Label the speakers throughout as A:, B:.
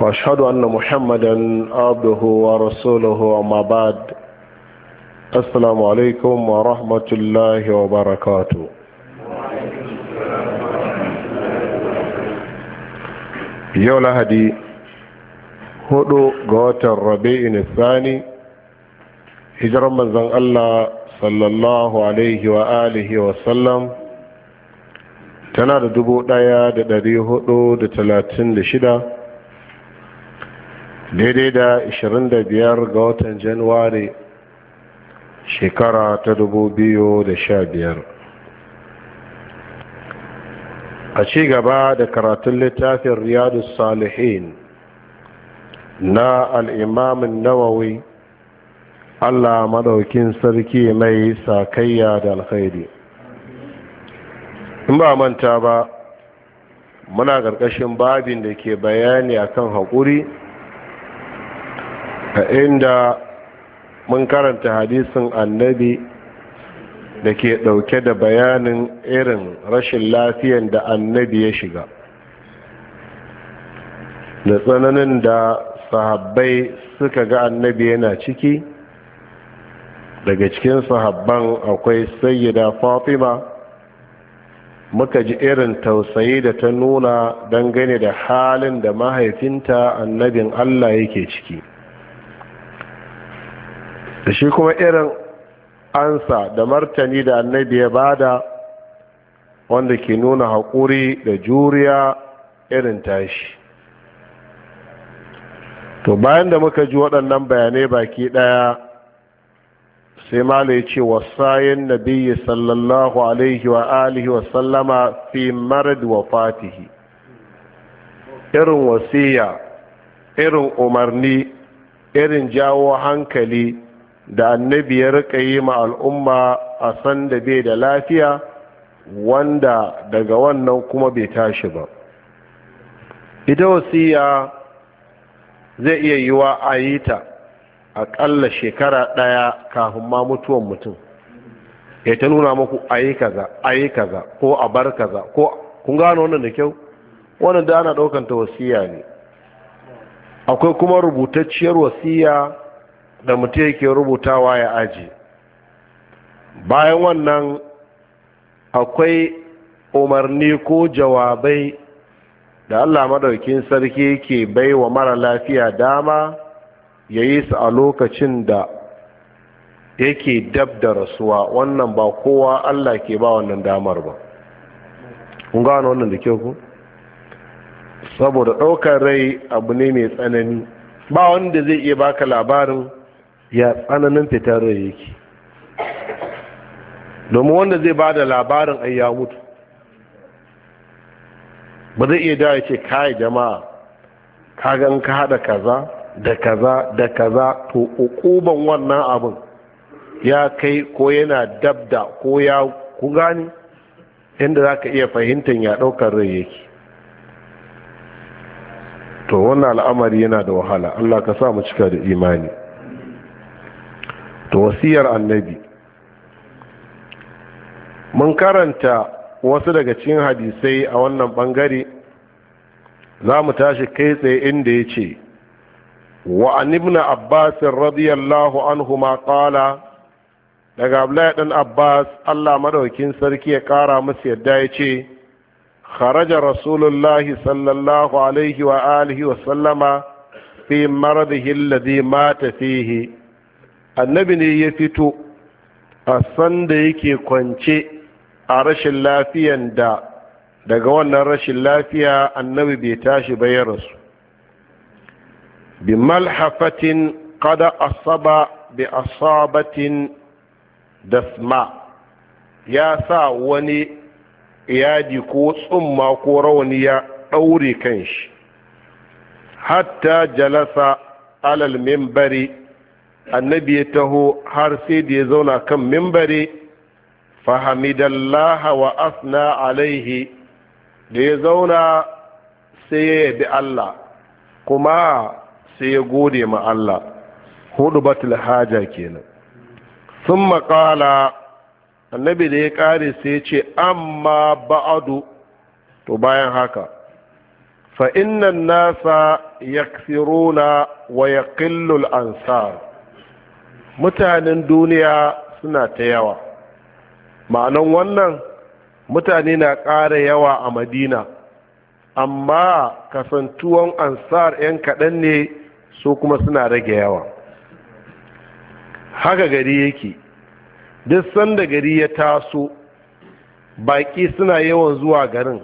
A: واشهد ان محمدا عبده ورسوله اما بعد السلام عليكم ورحمه الله وبركاته yau lahadi hudu ga watan rabi'in Sani, Hijar manzan allah sallallahu alaihi wa alihi wa sallam tana da dubu ɗaya da dari hudu da talatin da shida daidai da 25 ga watan januwari shekara ta 2015 a ci gaba da karatun littafin riyadu salihin na al'imamin nawawi allah maɗaukin sarki mai sakayya da alkhairi in ba manta ba muna ƙarƙashin babin da ke bayani akan haƙuri inda mun karanta hadisin annabi da ke ɗauke da bayanin irin rashin lafiyan da annabi ya shiga da tsananin da sahabbai suka ga annabi yana ciki daga cikin sahabban akwai sayyida fatima muka ji irin tausayi da ta nuna dangane da halin da mahaifinta annabin allah yake ciki da shi kuma irin ansa da martani da annabi ya bada wanda ke nuna haƙuri da juriya irin tashi to bayan da muka ji waɗannan bayanai baki ɗaya sai mala ya ce wasayen nabiyyi sallallahu alaihi wa alihi wa sallama fi marad wa fatihi irin wasiya irin umarni irin jawo hankali da annabi ya rika yi ma al'umma a san da bai da lafiya wanda daga wannan kuma bai tashi ba ita wasiya zai iya yiwa a yi ta aƙalla shekara ɗaya kafin ma mutuwan mutum ya ta nuna maku a yi kaza a yi kaza ko a bar kaza ko kun gano wannan da kyau wannan da ana ɗaukanta wasiya ne akwai kuma rubutacciyar wasiya da mutum yake rubutawa ya aji bayan wannan akwai umarni ko jawabai da allah madaukin sarki ke bai wa mara lafiya dama ya yi su a lokacin da yake dab da rasuwa wannan ba kowa allah ke ba wannan damar ba kun gano wannan da kyau ku saboda ɗaukar rai abu ne mai tsanani ba wanda zai iya baka labarin ya tsananin fitar yake domin wanda zai ba da labarin ai ya mutu ba zai iya ya ce kayi jama'a kagan ka hada kaza da kaza da kaza to ukuban wannan abin ya kai ko yana dabda ko ya ku gani inda za ka iya fahimtar ya ɗaukar rai yake to wannan al'amari yana da wahala allah ka samu cika da imani wasiyar annabi mun karanta wasu daga cikin hadisai a wannan bangare za mu tashi kai tsaye inda ya ce wa an ibn abbas radiyallahu anhuma kala daga abdullahi ɗan abbas Allah madaukin sarki ya kara musu yadda ya ce kharaja rasulullahi sallallahu alaihi wa alihi wa sallama fi maradihi alladhi mata fihi annabi ne ya fito a sanda yake kwance a rashin lafiyan da daga wannan rashin lafiya annabi bai tashi ba ya rasu bi malhafatin kada asaba bi asabatin dasma ya sa wani yadi ko tsumma ko rawani ya ɗaure kan shi. hatta jalasa alal mimbari annabi ya taho har sai da ya zauna kan mimbari fahamidallaha wa asna alaihi da ya zauna sai ya yabi Allah kuma sai ya gode ma Allah hudu batul haja kenan sun makala annabi da ya kare sai ya ce amma ba'adu to bayan haka fa'innan nasa ya wa ya ansar mutanen duniya suna ta yawa ma'anan wannan mutane na ƙara yawa a madina amma kasantuwan ansar 'yan kaɗan ne so kuma suna rage yawa haka gari yake duk sanda gari ya taso baƙi suna yawan zuwa garin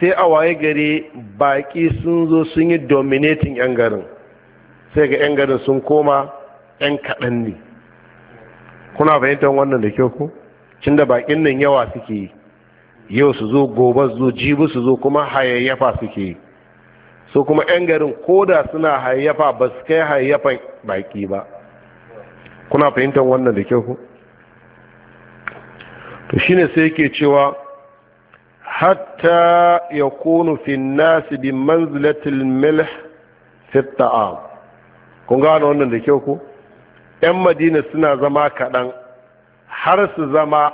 A: sai a waye gari baƙi sun zo sun yi dominating 'yan garin sai ga 'yan garin sun koma 'yan kaɗan ne kuna fahimtar wannan da kyau ko cin da bakin nan yawa suke yi yau su zo gobe su zo jibi su zo kuma hayayyafa suke yi so kuma 'yan garin koda suna hayayyafa ba su kai hayayyafan baki ba kuna fahimtar wannan da kyau ko to shine sai yake cewa hatta ya kunu fin nasi bi manzilatil milh fit ta'am kun gano wannan da kyau ko 'yan madina suna zama kaɗan har su zama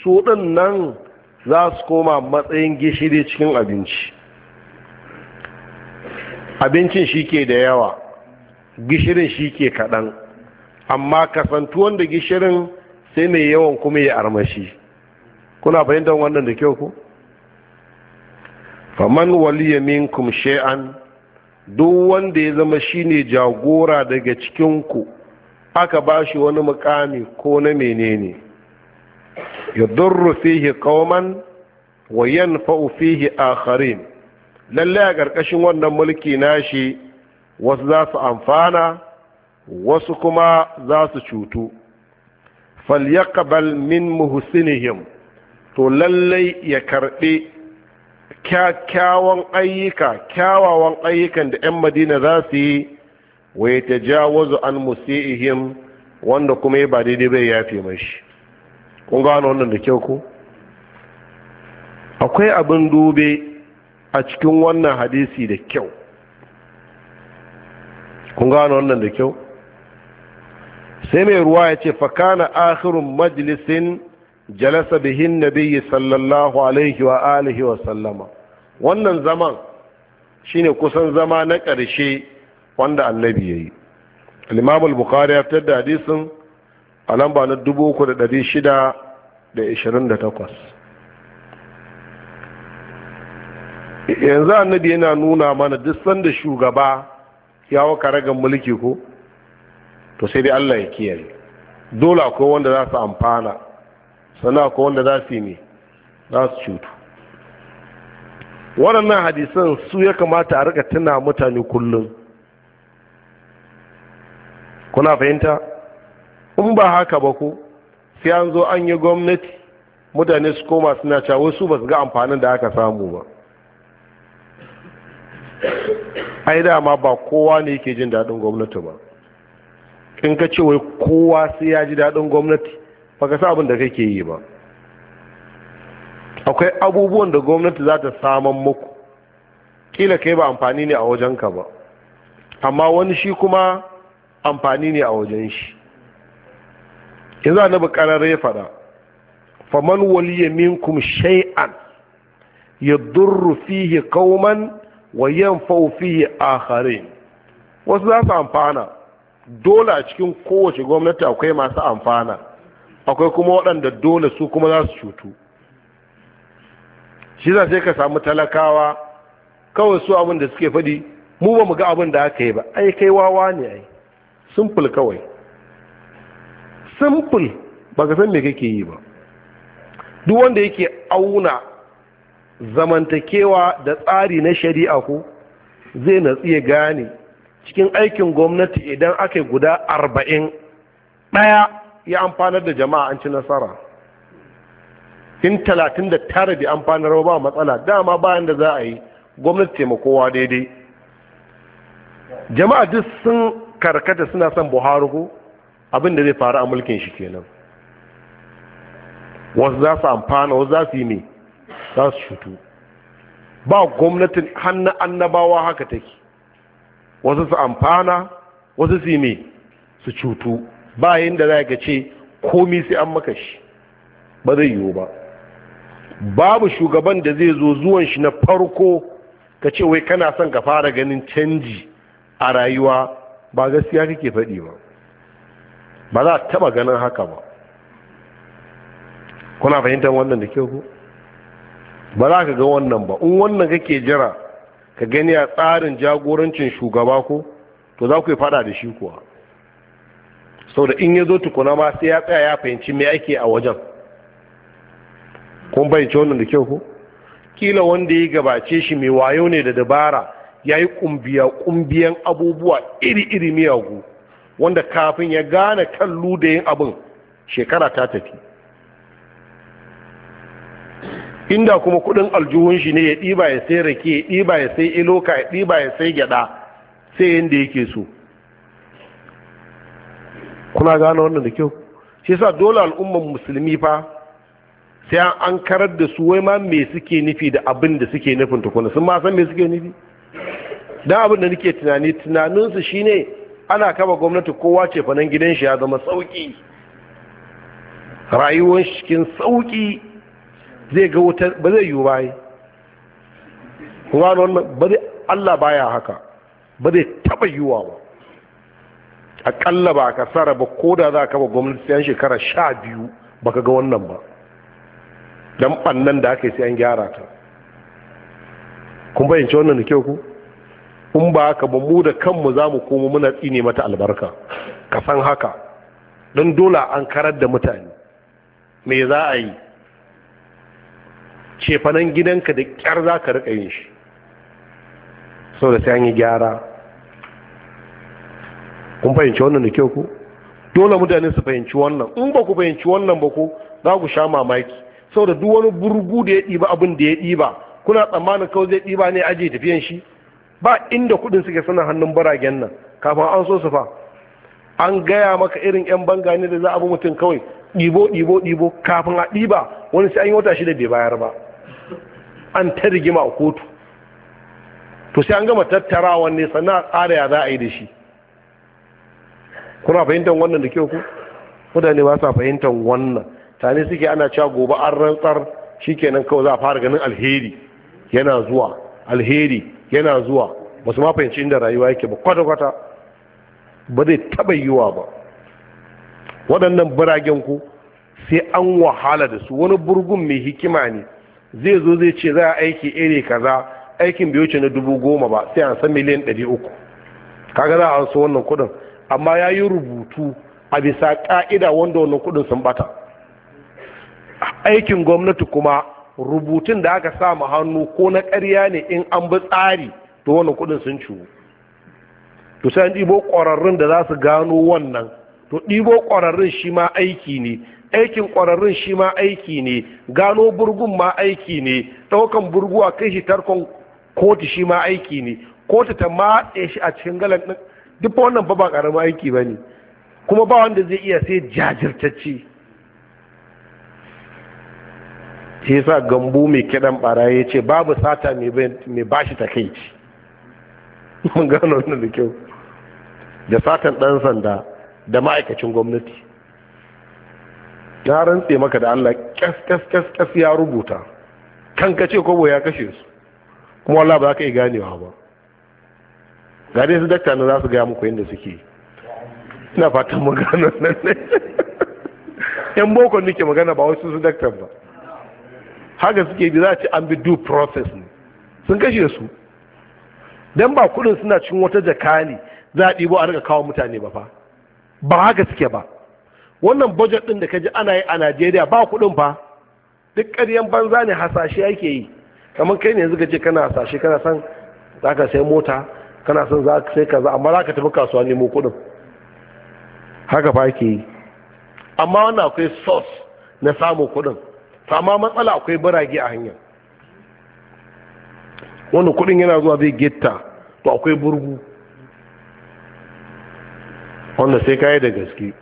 A: su ɗin nan za su koma matsayin gishiri cikin abinci abincin shi ke da yawa gishirin shi ke kaɗan amma kasantuwan wanda gishirin sai mai yawan kuma ya armashi kuna fahimtar wannan da kyau ku? faman waliya minkum shay'an duk wanda ya zama shine jagora daga cikinku aka ba shi wani mukami ko na menene durru fihi qauman wa yanfa'u fihi akharin lalle a karkashin wannan mulki nashi wasu za su amfana wasu kuma za su cutu falyaqbal min muhsinihim to lallai ya karɓi kyakkyawan ayyuka kyawawan ayyukan da 'yan madina za su yi wa ya tajawazu an musi'ihim wanda kuma ya ba daidai bai yafe mashi kun gano wannan da kyau ko akwai abin dube a cikin wannan hadisi da kyau kun gano wannan da kyau sai mai ruwa ya ce fakana akhirun majalisin jalasa bihin nabiyyi sallallahu alaihi wa alihi wa sallama wannan zaman shine kusan zama na ƙarshe wanda annabi ya yi al bukhari ya fitar da hadisin a lamba na 3628 yanzu annabi yana nuna mana duk sanda shugaba ya waka ragan mulki ko to sai dai Allah ya kiyaye dole akwai wanda za su amfana sana akwai wanda za su yi ne za su cutu waɗannan hadisan su ya kamata a rika tuna mutane kullum kuna fahimta in ba haka ba ku sai an zo an yi gwamnati mutane su koma suna cewa wasu ba su ga amfanin da aka samu ba ai dama ba kowa ne yake jin daɗin gwamnati ba in ka ce wai kowa sai ya ji daɗin gwamnati ba ka sa abin da kake yi ba akwai abubuwan da gwamnati za ta saman muku kila kai ba amfani ne a wajenka ba amma wani shi kuma amfani ne a wajen shi za na bukarar ya fada faman waliya minkum shay'an durru fihi qauman wa yanfa'u fihi akharin wasu za su amfana dole a cikin kowace gwamnati akwai masu amfana akwai kuma waɗanda dole su kuma za su cutu shi za sai ka samu talakawa kawai su abin da suke faɗi mu ba mu ga abin da aka yi ba ai kai wawa ne ai simple kawai simple ba ka san me kake yi ba duk wanda yake auna zamantakewa da tsari na shari'a ko zai natsi ya gane cikin aikin gwamnati idan aka guda arba'in ɗaya ya amfanar da jama'a an ci nasara in talatin da tara bi amfanar ba matsala dama bayan da za a yi gwamnati taimakowa daidai jama'a duk sun karkata suna son buhari ko abin da zai faru a mulkin shi kenan wasu za su amfana wasu za su yi ne za su shuto ba gwamnatin hannun annabawa haka take wasu su amfana wasu su yi ne su cutu bayan da za ka ce komi sai an maka shi ba zai yiwu ba babu shugaban da zai zo zuwan shi na farko ka ce wai kana son ka fara ganin canji a rayuwa ba gaskiya kake faɗi ba ba za a taɓa ganin haka ba kuna fahimtar wannan da kyau ku ba za ka ga wannan ba in wannan kake jira ka gani a tsarin jagorancin shugaba ko to za ku yi fada da shi kuwa sau da in ya zo tukuna ma sai ya tsaya ya fahimci me ake a wajen kun fahimci wannan da kyau ku kila wanda ya gabace shi mai wayo ne da dabara ya yi kumbiya kumbiyan abubuwa iri-iri miyagu wanda kafin ya gane kan yin abin shekara ta tafi inda kuma kudin aljuhun shi ne ya ɗiba ya sai rake ya ɗiba ya sai iloka ya ɗiba ya sai gyada sai yadda yake so kuna gane wannan da kyau shi sa dole al'umman musulmi fa sai an karar da su wai ma me suke nufi da abin da suke nufin tukuna sun ma san me suke nufi don abin da nake tunani tunaninsu shine ana kama gwamnati kowa ce fanan gidan shi ya zama sauki rayuwar cikin sauki zai ga wutar ba zai yiwu bayi kuma wannan ba zai allah baya haka ba zai taba yiwuwa ba akalla ba ka tsara ba ko da za a kama gwamnati sayan shekara sha biyu ba ka ga wannan ba don ɓannan da aka yi sai gyara ta kun bayyance wannan da kyau ku in ba haka ba mu da kanmu za mu komo muna tsine mata albarka ka san haka don dole an karar da mutane me za a yi cefanen gidanka da kyar za ka riƙa yin shi sau da sai an yi gyara kun fahimci wannan da kyau ku dole mutane su fahimci wannan in ba ku fahimci wannan ba ku za ku sha mamaki sau da duk wani burgu da ya ɗiba abin da ya ɗiba kuna tsammanin kawai zai ɗiba ne ajiye tafiyan shi ba inda kudin suke suna hannun baragen nan kafin an so su fa an gaya maka irin yan banga ne da za a bi mutum kawai ɗibo ɗibo ɗibo kafin a ɗiba wani sai an yi wata shida bai bayar ba an ta rigima a kotu to sai an gama tattara wanne sana ya za a yi da shi kuna fahimtar wannan da kyau ku mutane ba sa fahimtar wannan tare suke ana cewa gobe an rantsar shikenan kawai za a fara ganin alheri yana zuwa alheri yana zuwa ba su ma fahimci inda rayuwa yake ba kwata-kwata ba zai taɓa yiwa ba waɗannan biragen ku sai an wahala da su wani burgun mai hikima ne zai zo zai ce za a aiki iri kaza aikin bai wuce na dubu goma ba sai an san miliyan ɗari uku kaga za a so wannan kuɗin amma ya yi rubutu a bisa ƙa'ida wanda wannan kuɗin sun bata aikin gwamnati kuma rubutun da aka sa ma hannu ko na ƙarya ne in an bi tsari to wannan kudin sun ciwo to sai an ɗibo ƙwararrun da za su gano wannan to ɗibo ƙwararrun shi ma aiki ne aikin ƙwararrun shi ma aiki ne gano burgun ma aiki ne ɗaukan burguwa kai shi tarkon kotu shi ma aiki ne kotu ta matse shi a cikin galan ɗin duk wannan ba ba ƙaramin aiki ba ne kuma ba wanda zai iya sai jajirtacce shi yasa gambu mai kidan ya ce babu sata mai bashi ci mun gano wannan da kyau da satan dan sanda da ma'aikacin gwamnati ya rantse maka da Allah kas kas kas kas ya rubuta kan ka ce kobo ya kashe su kuma wallahi ba za ka yi ganewa ba ga dai su dakta na za su gaya muku yadda suke ina fatan mun gano nan ne yan boko nake magana ba wasu su dakta ba haka suke bi za a ci an bi due process ne sun kashe su don ba kudin suna cin wata jakali ne za a ɗibo a rika kawo mutane ba fa ba haka suke ba wannan budget din da kaji ana yi a Najeriya ba kudin fa duk ƙaryan banza ne hasashe ake yi kamar kai ne yanzu ka kana hasashe kana san za ka sai mota kana son za ka sai kaza amma za ka tafi kasuwa nemo kudin haka fa ake yi amma wannan akwai source na samun kudin Sama matsala akwai birage a hanyar, wani kudin yana zuwa zai getta to akwai burgu wanda sai kayi da gaske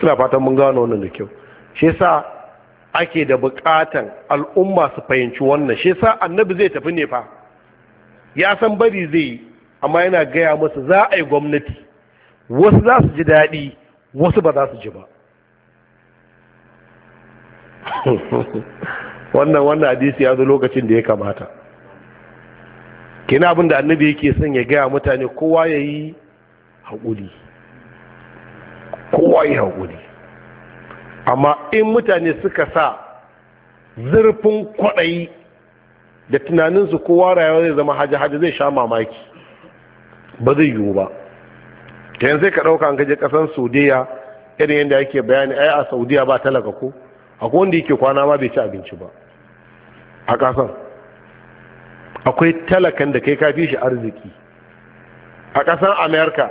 A: suna fatan mun gano wannan da kyau shi sa ake da bukatan al'umma su fahimci wannan shi sa annabi zai tafi nefa ya san bari zai yi amma yana gaya masu za a yi gwamnati wasu za su ji daɗi wasu ba za su ji ba wannan wannan hadisi ya zo lokacin da ya kamata kina abin da annabi yake son ya gaya mutane kowa ya yi haƙuri kowa ya haƙuri amma in mutane suka sa zurfin kwaɗayi da tunaninsu kowa rayuwa zai zama haji-haji zai sha mamaki ba zai yiwu ba yanzu ka ɗauka an gaje ƙasar saudiya irin yadda ake bayani ai a saudiya ba talaka ko akwai wanda yake kwana ma bai ci abinci ba a kasan akwai talakan da kai kafi shi arziki a kasan amerika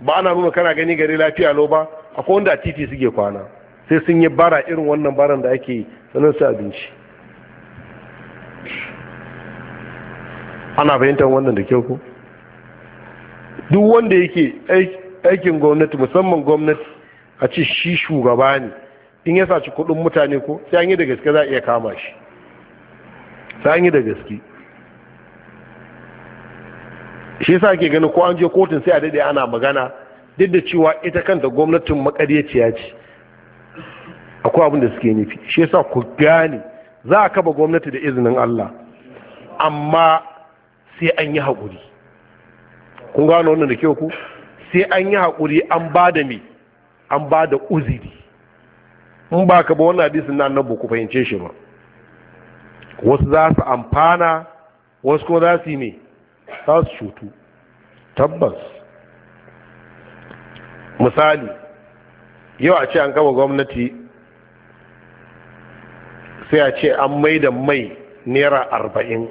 A: ba ana nuna kana gani gari lafiya lau ba akwai wanda a titi suke kwana sai sun yi bara irin wannan baran da ake sanar su abinci ana fahimtar wannan da kyau ko duk wanda yake aikin gwamnati musamman gwamnati a ce shi shugaba ne in ya saci kudin mutane ko sai an yi da gaske za a iya kama shi sai an yi da gaske shi sa ke gani ko an je kotun sai a dade ana magana duk da cewa ita kanta gwamnatin makaryaciya ce akwai abin da suke nufi shi sa ku gane za a kaba gwamnati da izinin Allah amma sai an yi haƙuri kun gano wannan da kyau ku sai an yi haƙuri an ba da me an ba da uziri in ba ka ba wannan hadisin na ku fahimce shi ba wasu za su amfana wasu kuma za su yi ne za su cutu tabbas misali yau a ce an kama gwamnati sai a ce an mai da mai naira arba'in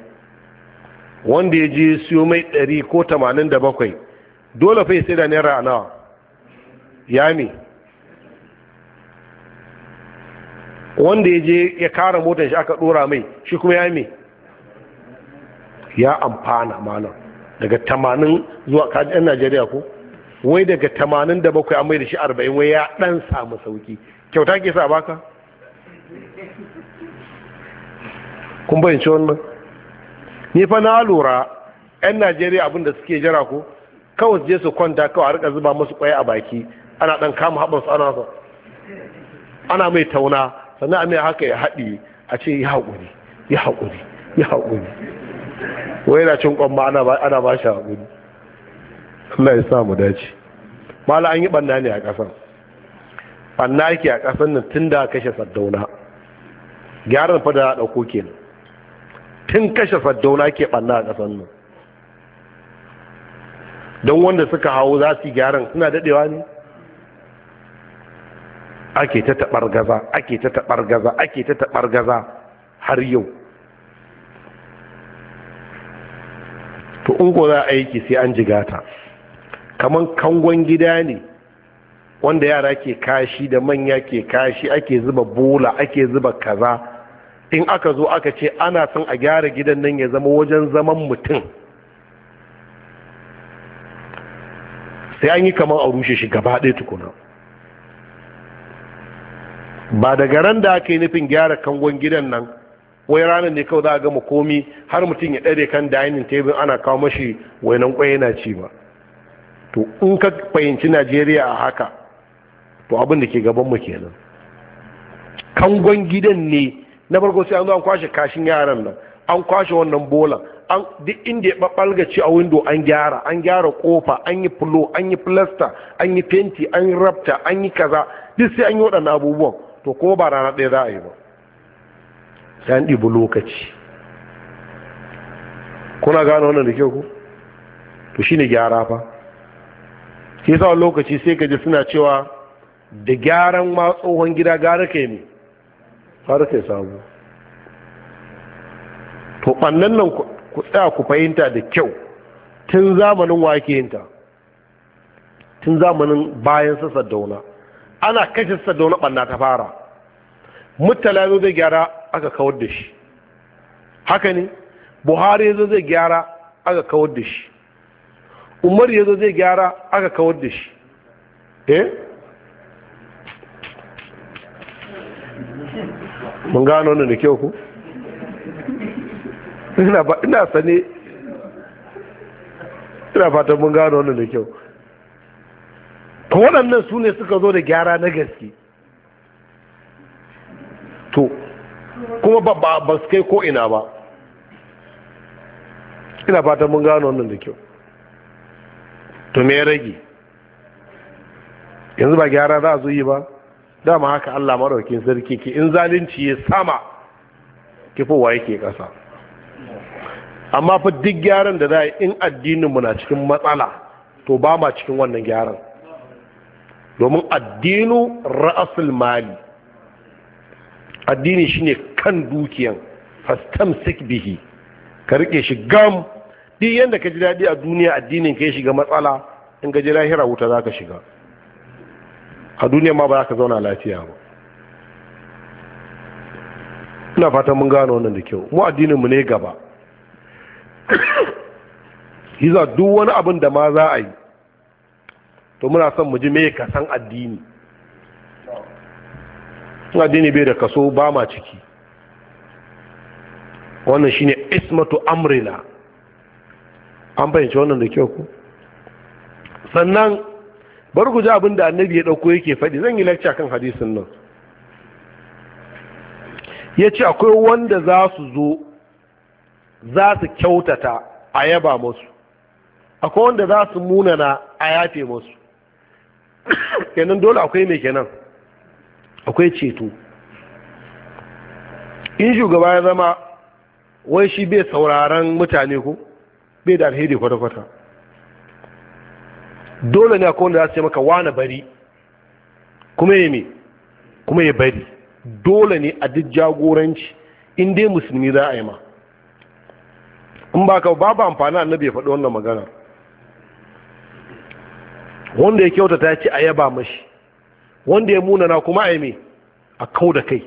A: wanda ya je siyo mai ɗari ko tamanin da bakwai dole fai sai da naira nawa ya ne wanda ya je ya kara motar shi aka dora mai shi kuma ya mai ya amfana malam daga 80 zuwa kaji yan najeriya ko wai daga 87 bakwai mai da shi 40 wai ya dan samu sauki kyauta ke sa baka kun ciwon wannan ni fa na lura yan najeriya abinda suke jira ko kawai su je su kwanta kawai a rika zuba musu kwaya a baki ana dan kama haɓar su ana ana mai tauna sannan amin haka ya haɗi a ce ya haƙuri ya haƙuri ya haƙuri wai yana cin ƙwamma ana ba shi haƙuri Allah ya samu dace mala an yi ɓanna ne a ƙasan ɓanna yake a ƙasan nan tun da kashe saddauna gyaran fa da ɗauko ke nan, tun kashe saddauna ke ɓanna a ƙasan nan don wanda suka hau za su yi gyaran suna daɗewa ne ake ta taɓar gaza ake ta taɓar gaza ake ta taɓar gaza har yau to in ko za a aiki sai an jigata kaman kangon gida ne wanda yara ke kashi da manya ke kashi ake zuba bola ake zuba kaza in aka zo aka ce ana son a gyara gidan nan ya zama wajen zaman mutum sai an yi kamar a rushe shi gaba ɗaya tukuna ba daga ran da aka yi nufin gyara kangon gidan nan wai ranar ne kawai za a gama komi har mutum ya ɗare kan dining table ana kawo mashi wainan kwai yana ci ba to in ka fahimci najeriya a haka to abin da ke gabanmu kenan kangon gidan ne na farko sai an zo an kwashe kashin yaran nan an kwashe wannan bolan an duk inda ya ci a windo an gyara an gyara kofa an yi fulo an yi filasta an yi fenti an yi rafta an yi kaza duk sai an yi waɗannan abubuwan to ko ba rana ɗaya za a yi ba Ya an ɗibi lokaci kuna gano wannan da kyau ku to shi ne gyara fa shi sa lokaci sai ka ji suna cewa da gyaran ma tsohon gida gara kai ne ka kai samu to ɓannan nan ku tsaya ku fahimta da kyau tun zamanin wake yinta tun zamanin bayan sassa dauna ana kashe sassa dauna ɓanna ta fara murtala zo zai gyara aka kawar da shi haka ne buhari zo zai gyara aka kawar da shi umar zo zai gyara aka kawar da shi eh mun gano ne da kyau ku ina sane ina fatan mun gano ne da kyau to waɗannan su ne suka zo da gyara na gaske to kuma ba su kai ko ina ba ina fata mun gano wannan da kyau to me rage yanzu ba gyara za a zo yi ba dama haka Allah maraukin sarki ke in zalunci ya sama kifowa yake kasa amma fa duk gyaran da za yi in addinin mu na cikin matsala to ba ma cikin wannan gyaran domin addinu ra'asul mali addini shine kan dukiyan fastamsik bihi ka rike shi gam duk yanda ka ji daɗi a duniya addinin ka ya shiga matsala in ka ji lahira wuta za ka shiga a duniya ma ba za ka zauna lafiya ba ina fatan mun gano wannan da kyau mu addinin mu ne gaba za duk wani abin da ma za a yi to muna son mu ji me ka san addini in addini bai da kaso ba ma ciki wannan shine ismatu amrina an fahimci wannan da kyau ku sannan bar ku ji abin da annabi ya dauko yake faɗi zan yi lacca kan hadisin nan ya ce akwai wanda za su zo za su kyautata a yaba masu akwai wanda za su munana a yafe masu kenan dole akwai mai kenan akwai ceto in shugaba ya zama wai shi bai sauraron mutane ko bai da alheri kwata-kwata dole ne akwai wanda za su yi maka wane bari kuma ya me kuma ya bari dole ne a duk jagoranci inda dai musulmi za a yi ma in ba ka babu amfani annabi ya faɗi wannan magana wanda ya kyauta ta ce a yaba mashi wanda ya munana kuma a yi a kau da kai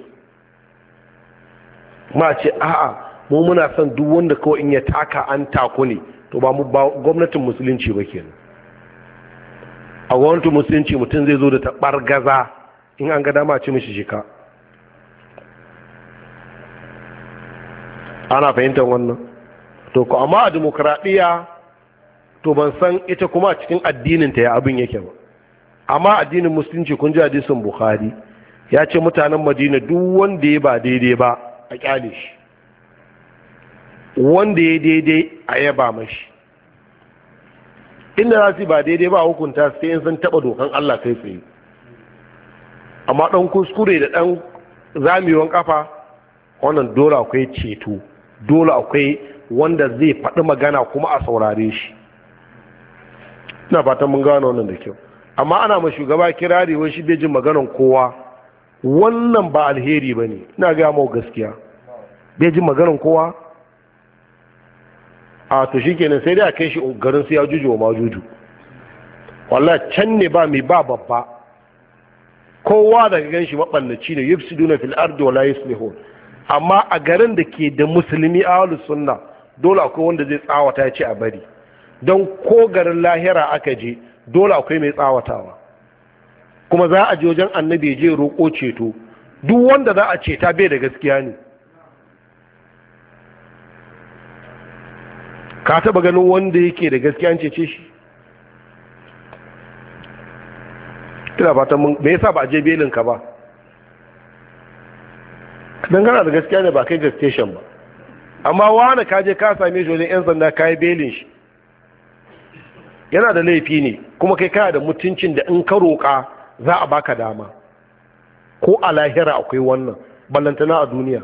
A: ma ce a'a mu muna son duk wanda kawai in ya taka an taku ne to ba mu gwamnatin musulunci ba kenan a gwamnatin musulunci mutum zai zo da tabar gaza in an ga dama ce mishi shika ana fahimtar wannan to ku amma a demokradiyya to ban san ita kuma a cikin ta ya abin yake ba amma addinin musulunci kun ji hadisin bukhari ya ce mutanen madina duk wanda ya ba daidai ba a kyale shi wanda ya daidai a yaba mashi inda za su ba daidai ba hukunta sai in sun taba dokan Allah kai tsaye amma dan kuskure da dan zamewan kafa wannan dole akwai ceto dole akwai wanda zai faɗi magana kuma a saurare shi ina fatan mun gano wannan da kyau amma ana ma shugaba kirari wai shi bai jin maganan kowa wannan ba alheri ba ne ina gaya mawa gaskiya bai jin maganan kowa a to shi kenan sai dai a kai shi garin su ya juju ma majuju wallah can ne ba mai ba babba kowa daga gan shi maɓallaci ne duna fil ardi wala yuslihu amma a garin da ke da musulmi ahlus sunna dole akwai wanda zai tsawata ya ce a bari don ko garin lahira aka je dole akwai mai tsawatawa kuma za a je wajen annabi je roƙo ceto duk wanda za a ceta bai da gaskiya ne ka taba ganin wanda yake da gaskiya an cece shi kina fatan mun me yasa ba a je belin ka ba dan kana da gaskiya ne ba kai ga station ba amma wani ka je ka same shi wajen yan sanda kai belin shi yana da laifi ne kuma kai kana da mutuncin da in ka roƙa za a baka dama ko a lahira akwai wannan ballantana a duniya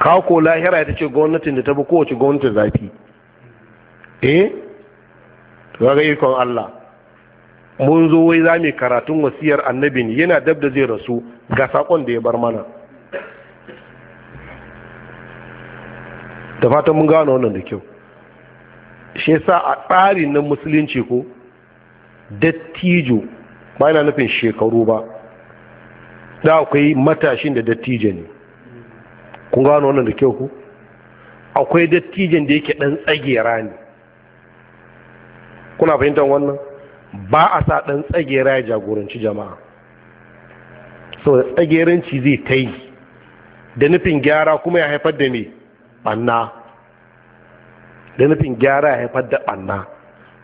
A: kawo ko lahira ta ce gwamnatin da ta bi kowace gwamnatin zafi eh ga ikon Allah mun zo wai za mu karatun wasiyar annabi ne yana dab da zai rasu ga sakon da ya bar mana da fatan mun gano wannan da kyau shi yasa a tsari na musulunci ko dattijo ba yana nufin shekaru ba da akwai matashin da dattijo ne kun gano wannan da kyau ku akwai dattijan da yake dan tsagera ne kuna fahimtar wannan ba a sa dan tsagera ya jagoranci jama'a so tsageranci zai ta yi da nufin gyara kuma ya haifar da mai banna da nufin gyara ya haifar da ɓanna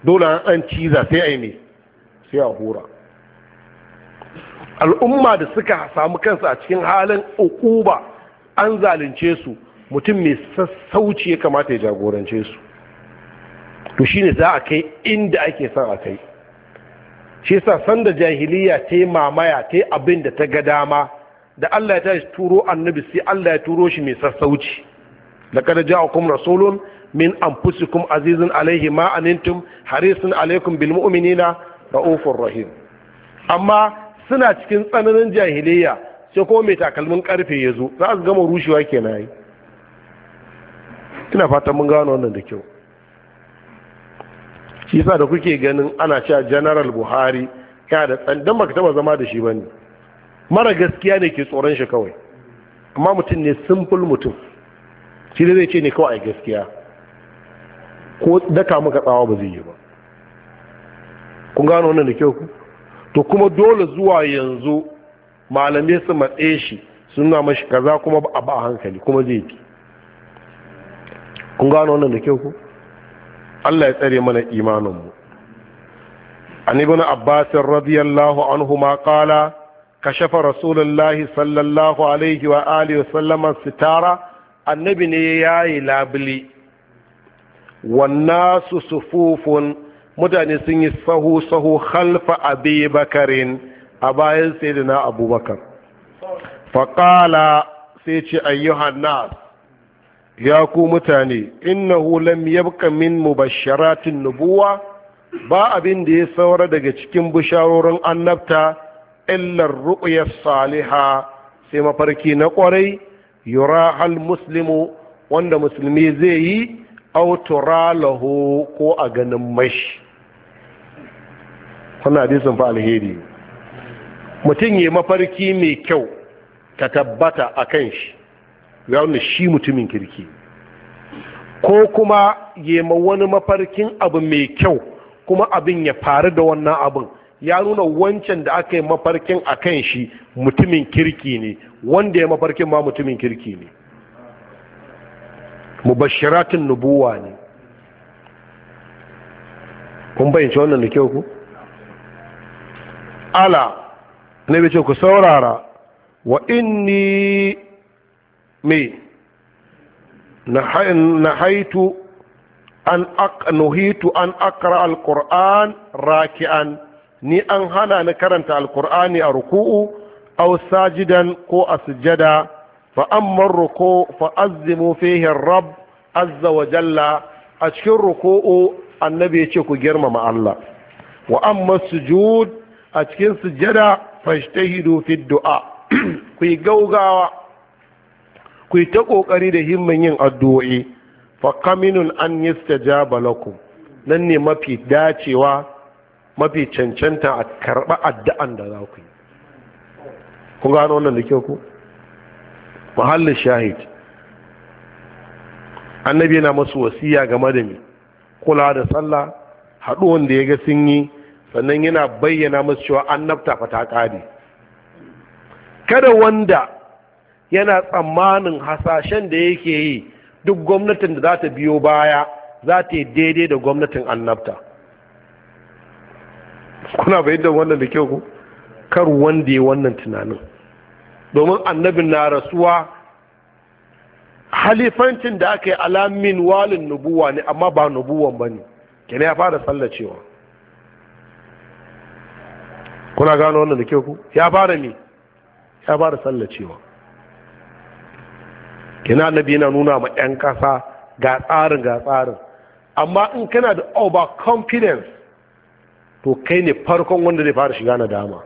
A: dole an ciza sai a yi ne sai a hura al'umma da suka samu kansu a cikin halin ukuba an zalunce su mutum mai sassauci ya kamata ya jagorance su to shine za a kai inda ake son a kai shi sa sanda jahiliya ta yi mamaya ta yi abin da ta ga dama da Allah ya tashi turo annabi sai Allah ya turo shi mai sassauci Da laqad ja'akum rasulun min anfusikum azizun alaihi ma anantum harisun alaikum bil mu'minina raufur rahim amma suna cikin tsananin jahiliyya sai kuma mai takalmin karfe ya zo za su gama rushewa kenan yi ina fatan mun gano wannan da kyau shi yasa da kuke ganin ana cewa general buhari ya da don baka taba zama da shi bane mara gaskiya ne ke tsoron shi kawai amma mutum ne simple mutum shi ne zai ce ne kawai gaskiya ko daka maka tsawa ba zai yi ba kun gano wannan da kyau ku to kuma dole zuwa yanzu malamai su matse shi sun na mashi kaza kuma ba a hankali kuma zai yi. kun gano wannan da kyau ku Allah ya tsare mana imaninmu an ibn abbas radiyallahu anhu ma qala kashafa rasulullahi sallallahu alaihi wa alihi wa sallama sitara annabi ne ya yi labili wannan su sufufun mutane sun yi sahu sahu halfa abi bakarin a bayan sayyidina abubakar faƙala sai ce ayyuhan nas ya ku mutane innahu lam yabqa min mubasharatin nubuwa ba abin da ya saura daga cikin bisharorin annabta illar ru'ya saliha sai mafarki na ƙwarai yura hal muslimu wanda musulmi zai yi autura laho ko a ganin mashi wannan hadisin fa alheri mutum yi mafarki mai kyau ta tabbata a kan shi ya wani shi mutumin kirki ko kuma yi ma wani mafarkin abu mai kyau kuma abin ya faru da wannan abin ya nuna wancan da aka yi mafarkin a kan shi mutumin kirki ne wanda ya mafarkin ma mutumin kirki ne mubashiratin nubuwa ne kun bayyance wannan da kyau ku ala na ce ku saurara wa inni me na haitu an nuhitu an akra alkur'an raki'an ni an hana ni karanta alkur'ani a ruku'u au sajidan ko a sujada fa amma ruku fa azzimu fihi rabb azza jalla a cikin ruku'u annabi ya ce ku girmama Allah wa amma sujud a cikin sujada fashtahidu fi du'a ku yi gaugawa ku ta kokari da himmin yin addu'o'i fa kaminun an yastajaba nan ne mafi dacewa mafi cancanta a karɓa addu'an da za ku yi kun gano wannan da kyau ku mahallin shahid annabi yana masu wasiya game da mi kula da sallah haɗu da ya ga sun yi sannan yana bayyana masu cewa an nafta ta ƙare kada wanda yana tsammanin hasashen da yake yi duk gwamnatin da za ta biyo baya za ta yi daidai da gwamnatin annabta kuna bayyana wannan da kyau kar wanda ya wannan tunanin domin annabin na rasuwa halifancin da aka yi alamin walin nubuwa ne amma ba nubuwan ba ne kene ya fara sallacewa kuna gano wannan da ke ku ya fara ne ya fara sallacewa kene annabi yana nuna ma 'yan kasa ga tsarin ga tsarin amma in kana da over confidence to kai ne farkon wanda zai fara shiga na dama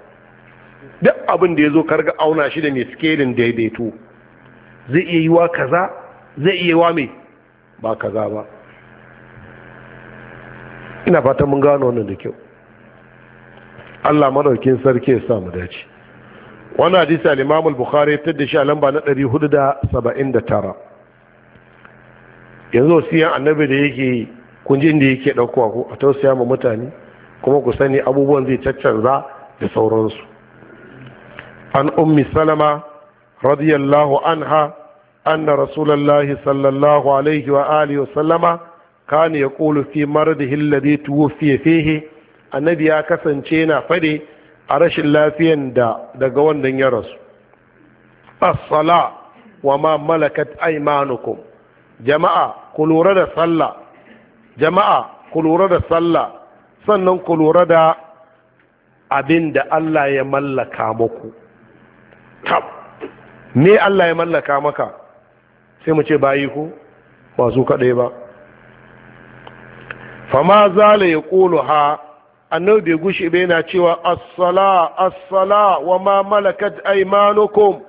A: duk abin da ya zo karga auna shi da mai skelin daidaito zai iya yi wa kaza zai iya yi wa mai ba kaza ba ina fatan mun gano wannan da kyau Allah maraukin sarki ya samu dace Wani hadisi al-Imam al-Bukhari ta da shi a lamba na 479 yanzu siyan annabi da yake kun da yake daukowa ko a tausaya ma mutane kuma ku sani abubuwan zai caccanza da sauransu an ummi salama radiyallahu anha anna rasulullahi sallallahu alaihi wa alihi wa sallama kana yaqulu fi maradihi alladhi tuwfiya fihi annabi ya kasance na faɗi a rashin lafiyan da daga wannan ya rasu as-sala wa ma malakat jama'a ku lura da sallah sannan ku lura da abin da Allah ya mallaka maku. tab me Allah ya mallaka maka sai mu ce bayi ko ba su kaɗai ba fama zala ya ƙolo ha annabi bai gushe bai yana cewa assala assala wa ma malakat aimanukum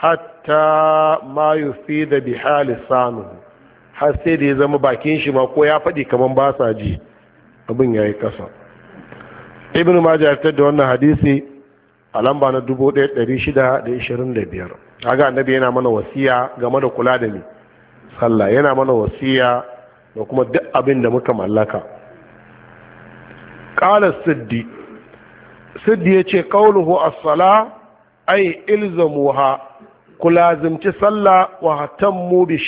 A: hatta ma yufi da bihali sanu har sai da ya zama bakin shi ma ko ya faɗi kamar ba sa ji abin ya yi ƙasa ibn majah ya fitar da wannan hadisi a lamba na 1625 aga annabi yana mana wasiya game da kula da ni sallah yana mana wasiya da kuma duk abin da muka mallaka qala siddi siddi yace qawluhu as-sala ay ilzamuha lazimci sallah wa hatammu bi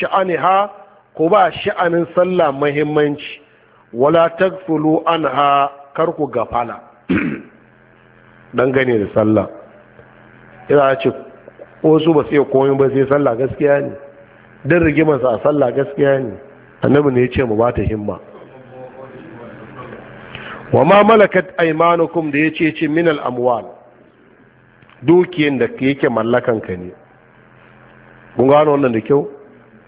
A: ha ku ba sha'anin sallah muhimmanci wala tagfulu anha kar ku gafala dangane da sallah ina ce wasu ba su iya komai ba sai sallah gaskiya ne dan rigimansa a sallah gaskiya ne annabi ne ya ce mu ba ta himma wa ma malakat aymanukum da yace ce min al amwal dukiyan da yake mallakan ka ne kun gano wannan da kyau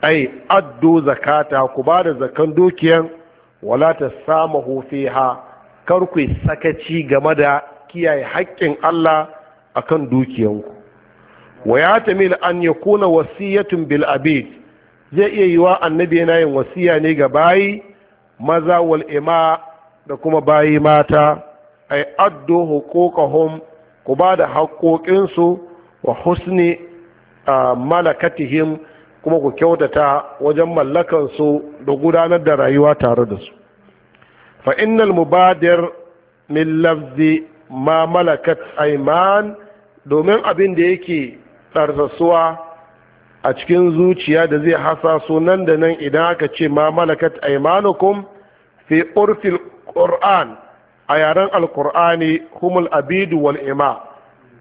A: ai addu zakata ku ba da zakan dukiyan wala ta tasamahu fiha kar ku sakaci game da kiyaye haƙƙin Allah a kan dukiyanku wa ya tamil an yakuna wasiyyatun bil abid zai iya yiwa annabi yana yin wasiya ne ga bayi maza wal ima da kuma bayi mata ay addu huquqahum ku ba da haƙoƙinsu wa husni malakatihim kuma ku kyautata wajen mallakansu da gudanar da rayuwa tare da su fa innal mubadir min lafzi ma malakat aiman domin abin da yake ɗarsasuwa a cikin zuciya da zai hasa nan da nan idan aka ce ma malakat aimanukum fi urfil qur'an a yaren alkur'ani humul abidu wal ima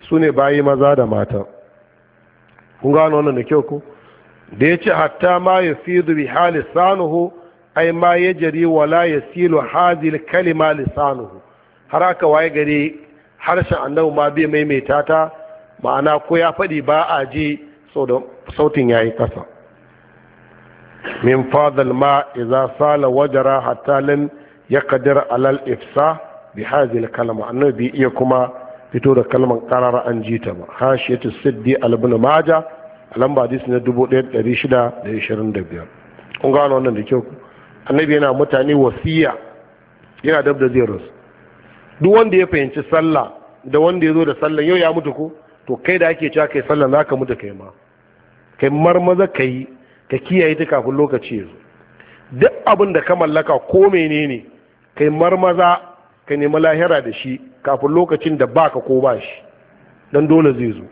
A: su ne bayi maza da mata kun gano wannan da kyau ku da ya ce hatta ma ya fi zubi hali sanuhu ai ma ya jari wala ya silo hazil kalima lisanuhu har aka waye gari harshen annabi ma bai maimaita ta ma'ana ko ya faɗi ba a ji sautin ya yi ƙasa min fadal ma iza sala wajara hatta ya kadir alal ifsa bi hazil kalma annabi iya kuma fito da kalman karara an ji ta ba hashiyatu siddi albin maja a lamba hadisi na 1625 kun gano wannan da kyau annabi yana mutane wasiya yana dab da zai duk wanda ya fahimci sallah da wanda ya zo da sallah yau ya mutu ko to kai da ake cewa kai sallah za ka mutu kai ma kai marmaza ka yi ka kiyaye ta kafin lokaci ya zo duk abin da ka mallaka ko menene kai marmaza ka nemi lahira da shi kafin lokacin da baka ko ba shi don dole zai zo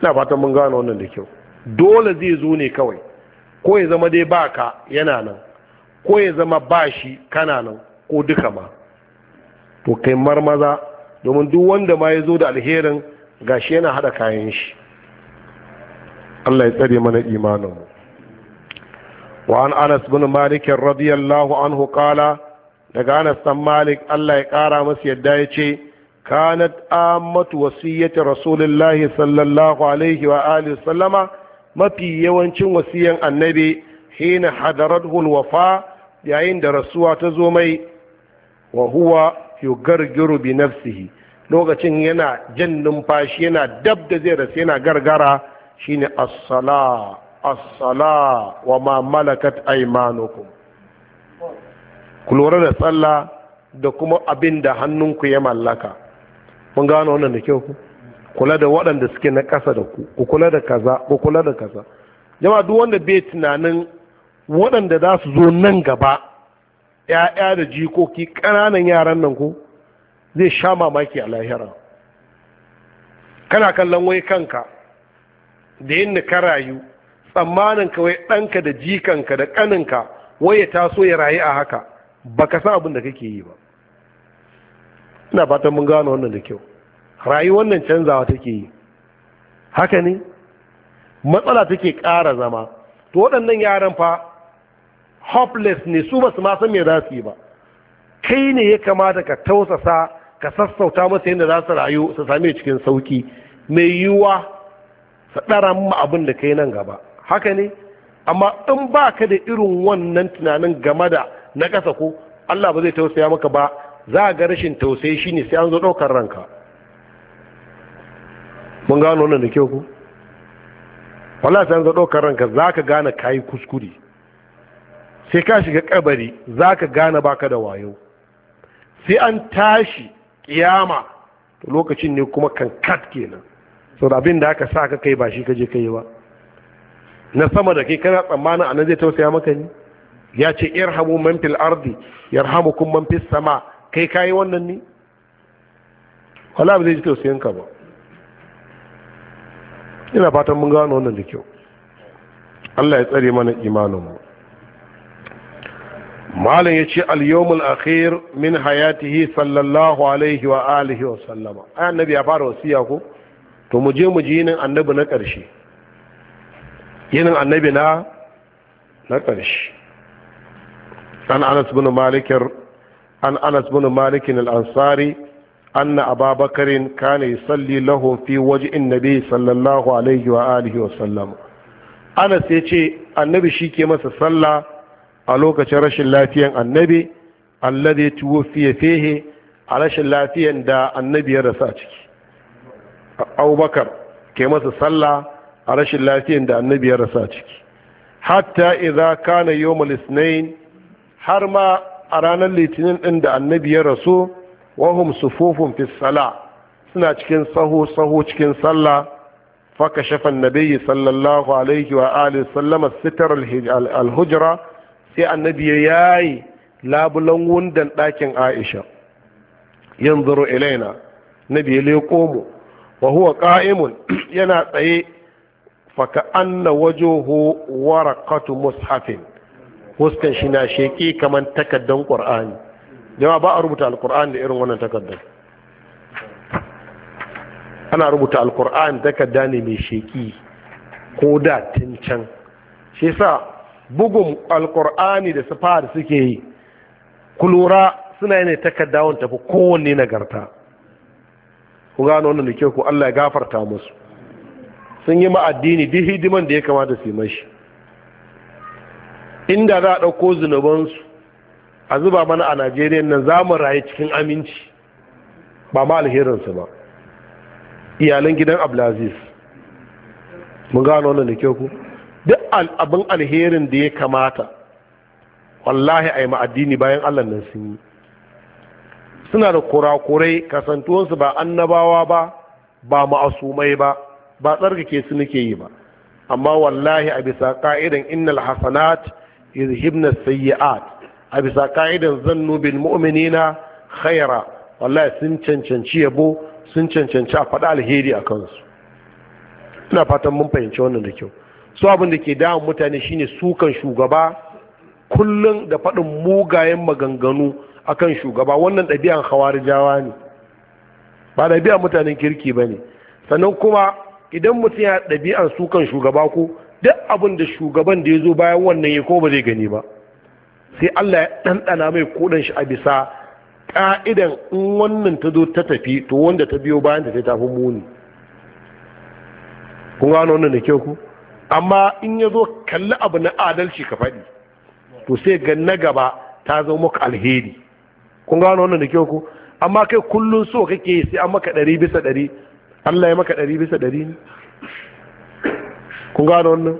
A: ina fatan mun gane wannan da kyau dole zai zo ne kawai ko ya zama dai ka yana nan ko ya zama bashi kana nan ko duka ma to kai marmaza domin duk wanda ma ya zo da alherin gashi yana hada kayan shi Allah ya tsare mana imaninmu wa an anas bin malik radiyallahu anhu kala daga anas dan malik Allah ya kara masa yadda ya ce kanat ammatu wasiyyati rasulillahi sallallahu alaihi wa alihi sallama mafi yawancin wasiyan annabi hina hadaratul Wafa, yayin da rasuwa ta zo mai wa huwa yugargiru bi nafsihi lokacin yana jan numfashi yana dab da zai rasu yana gargara shine as-sala as-sala wa ma malakat aymanukum ku lura da tsalla da kuma abin da hannunku ya mallaka mun gano wannan da kyau ku kula da waɗanda suke na ƙasa da ku ku kula da kaza ku kula da kaza jama'a duk wanda bai tunanin waɗanda za su zo nan gaba 'ya'ya da jikoki ƙananan yaran nan ko zai sha mamaki a lahira kana kallon wai kanka da yin ka rayu tsammanin ka ɗanka da jikanka da ƙaninka wai ya taso ya rayu a haka ka san abin da kake yi ba ina fatan mun gano wannan da kyau rayu wannan canzawa take yi haka ne matsala take ƙara zama to waɗannan yaran fa hopeless ne su ba su ma san me za su yi ba kai ne ya kamata ka tausasa ka sassauta masa yadda za su rayu su same cikin sauki mai yiwuwa su ɗara ma abin da kai nan gaba haka ne amma in ba ka da irin wannan tunanin game da na ƙasa ko Allah ba zai tausaya maka ba za a ga rashin tausayi shine sai an zo ɗaukar ranka mun gano wannan da kyau ku wala sai an zo ɗaukar ranka za ka gane kayi kuskure sai ka shiga kabari za ka gane baka da wayo sai an tashi kiyama lokacin ne kuma kankat kenan sau da abin da aka sa ka kai ba shi kaje kai ba na sama da kai kana tsammanin anan zai tausaya maka ne ya ce irhamu man fil ardi yarhamukum man fis sama kai kayi wannan ne wala ba zai ji ka ba ina fatan mun gano wannan da kyau Allah ya tsare mana imanin mu malam ya ce al-yawmul akhir min hayatihi sallallahu alaihi wa alihi wa sallama ai annabi ya fara wasiya ko to mu je mu ji yinin annabi na ƙarshe yinin annabi na na ƙarshe an anas bin malikin an anas bin malikin al-ansari anna ababakarin kana yusalli lahum fi waj'in nabi sallallahu alaihi wa alihi wa sallama anas ya ce annabi shi ke masa sallah a lokacin rashin lafiyan annabi alladhi tuwfiya fihi a rashin lafiyan da annabi ya rasa ciki Abubakar ke masa sallah a rashin lafiyan da annabi ya rasa ciki hatta idza kana yawmul isnain har ma a ranar litinin din da annabi ya rasu wahum sufufun fi sala suna cikin saho saho cikin sallah faka shafan nabiyyi sallallahu alaihi wa alihi sallama sitar al-hujra sai annabi ya yayi labulan wundan ɗakin aisha yanzuru ilaina nabi ya leko mu wa huwa qa'imun yana tsaye faka anna wajuhu waraqatu mushafin huskan shi na sheki kaman takaddan qur'ani jama'a ba a rubuta alqur'ani da irin wannan takaddan ana rubuta alqur'ani takadda ne mai sheki ko da tincan shi yasa bugun alkur'ani da sufa da suke yi kulura suna yin takarda wani tafi kowanne nagarta ku gano wannan da ke ku Allah ya gafarta musu sun yi ma'addini duk hidiman da ya kamata su yi mashi inda za a ɗauko zunubansu a zuba mana a najeriya nan za mu rayu cikin aminci ba ma alherinsu ba iyalan gidan abdulaziz mun gano wannan da ke ku duk abin alherin da ya kamata wallahi a yi ma'addini bayan allah nan sun yi suna da kurakurai kasantuwansu ba annabawa ba ba ma'asumai ba ba tsarkake su nake yi ba amma wallahi a bisa ka'idan innal hasanat yuzhibna sayyi'at a bisa ka'idan zannu bil mu'minina khaira wallahi sun cancanci yabo sun cancanci a faɗa alheri a kansu ina fatan mun fahimci wannan da kyau su abin da ke damun mutane shine sukan shugaba kullum da faɗin mugayen maganganu akan shugaba wannan ɗabi'an jawa ne ba ɗabi'an mutanen kirki ba ne sannan kuma idan mutum ya ɗabi'an sukan shugaba ko duk abin da shugaban da ya zo bayan wannan ya ko ba zai gani ba sai allah ya ɗanɗana mai kuɗin shi a bisa ƙa'idan in wannan ta zo ta tafi to wanda ta biyo bayan ta sai tafi muni kun gano wannan da kyau ku amma in ya zo kalli abu na adalci ka faɗi to sai ga na gaba ta zo maka alheri kun gano wannan da kyau ku amma kai kullun so kake sai an maka ɗari bisa ɗari Allah ya maka ɗari bisa ɗari ne kun gano wannan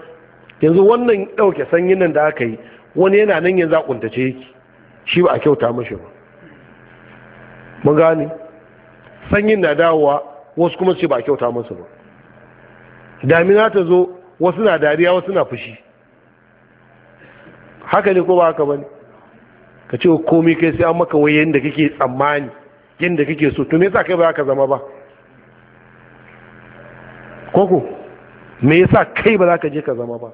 A: yanzu wannan ɗauke sanyin nan da aka yi wani yana nan yanzu a kuntace yake shi ba a kyauta mashi ba mun gane sanyin na dawowa wasu kuma ce ba a kyauta masu ba damina ta zo wasu na dariya wasu na fushi haka ne ko ba haka bane ka ce komai kai sai an maka wai da kake tsammani yadda kake so to me yasa kai ba ka zama ba koko me yasa kai ba za ka je ka zama ba